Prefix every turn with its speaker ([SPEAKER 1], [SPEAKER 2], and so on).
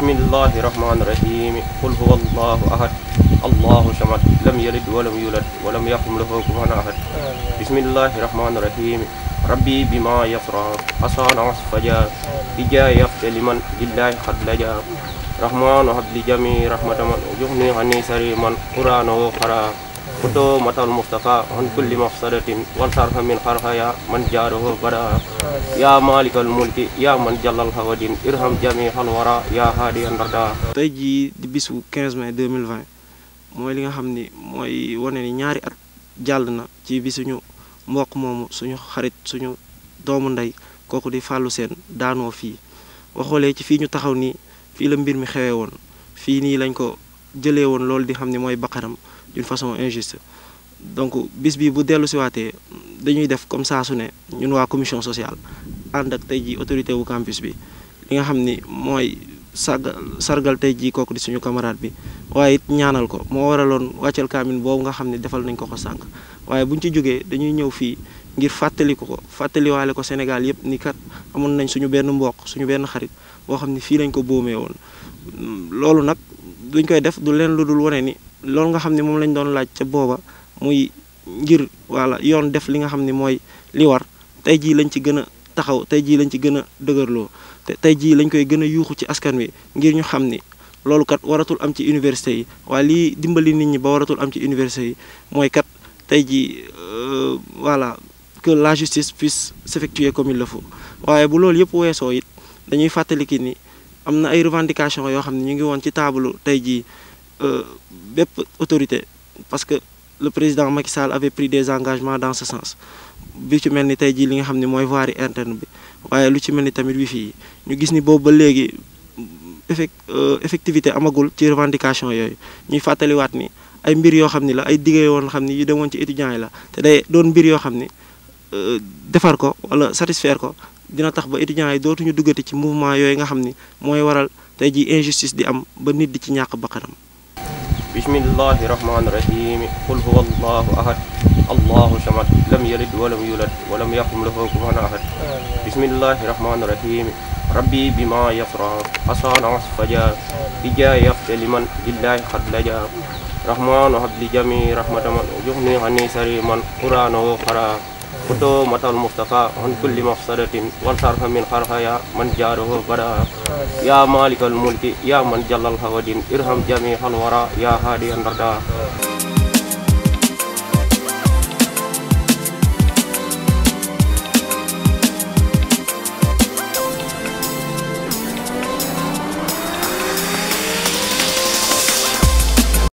[SPEAKER 1] بسم الله الرحمن الرحيم قل هو الله أحد الله الصمد لم يلد ولم يولد ولم يكن له كفوا أحد بسم الله الرحمن الرحيم ربي بما يفرح حسن فجا بجا يفتح لمن لله قد لجا رحمن هب لجميع رحمة من يغني عني سري من قرآن وقرآن كتو متى المصطفى عن كل مفسدة والصرف من خرفا يا ya جاره برا يا مالك الملك يا من جل الهوادين ارحم جميع الورى يا هادي الردى
[SPEAKER 2] tey jii di bisu 15 mooy li nga xam ni mooy wane ni ñaari at jàll na ci bi suñu mbokk moomu suñu xarit suñu doomu ndey kooku di Fallou seen daanoo fii waxoolee ci fii ñu taxaw ni fii la mbir mi xewee woon fii nii lañ ko jëlee woon loolu di xam ne mooy baqaram d'une façon injuste donc bis bi bu dellu siwaatee dañuy def comme saa su ne ñun waa commission sociale ànd ak tey ji autorité wu campus bi li nga xam ni mooy sargal sargal tey jii kooku di suñu camarade bi waaye it ñaanal ko moo waraloon wàccal kaamin boobu nga xam ne defal nañ ko ko sànq waaye bu buñ ci jógee dañuy ñëw fii ngir fàttali ko ko fàttaliwaale ko Sénégal yëpp ni kat amoon nañ suñu benn mboq suñu benn xarit boo xam ne fii lañ ko boomee woon nag luñ koy def du leen lu dul wane ni loolu nga xam ne moom lañ doon laaj ca booba muy ngir waala yoon def li nga xam ni mooy li war tey jii lañ ci gën a taxaw tey jii lañ ci gën a dëgërloo te tey jii lañ koy gën a yuuxu ci askan wi ngir ñu xam ni loolu kat waratul am ci université yi waaye lii dimbali nit ñi ba waratul am ci université yi mooy kat tey jii euh, voilà que la justice puisse s'effectuer comme il waaye bu loolu yëpp weesoo it dañuy fàttali ki ni. am na ay revendication yoo xam ne ñu ngi woon ci taabalu tey jii euh, bépp autorité parce que le président Macky Sall avait pris des engagements dans ce sens bi ci mel ni tey jii li nga xam ne mooy voirie interne bi waaye lu ci mel ni tamit wifi fii ñu gis ni boobu ba léegi effect euh, effectivité amagul ci revendication yooyu ñuy fàttaliwaat ni ay mbir yoo xam ni la ay diggé woon xam ni yu demoon ci étudiants yi la te day doon mbir yoo xam ni euh, defar ko wala satisfaire ko dina tax ba étudiants yi dootuñu duggati ci mouvement yooyu nga xam ni mooy waral tey ji injustice di
[SPEAKER 1] am ba nit di ci ñàkk bakkanam bismillahi rahmaani rahim qul huwa allahu ahad allahu samad lam yalid walam yulad walam yakun lahu kufuwan ahad bismillahi rahmaani rahim rabbi bima yasra asana asfaja bija yafte liman lillahi xad laja rahmaanu habli jami rahmataman yuxni ani sari man quranahu xara kutu matal mustafa hun kulli mafsadatin wal sarfa min kharha ya man jaruhu mulki ya man hawadin irham jami'al wara ya hadiyan radha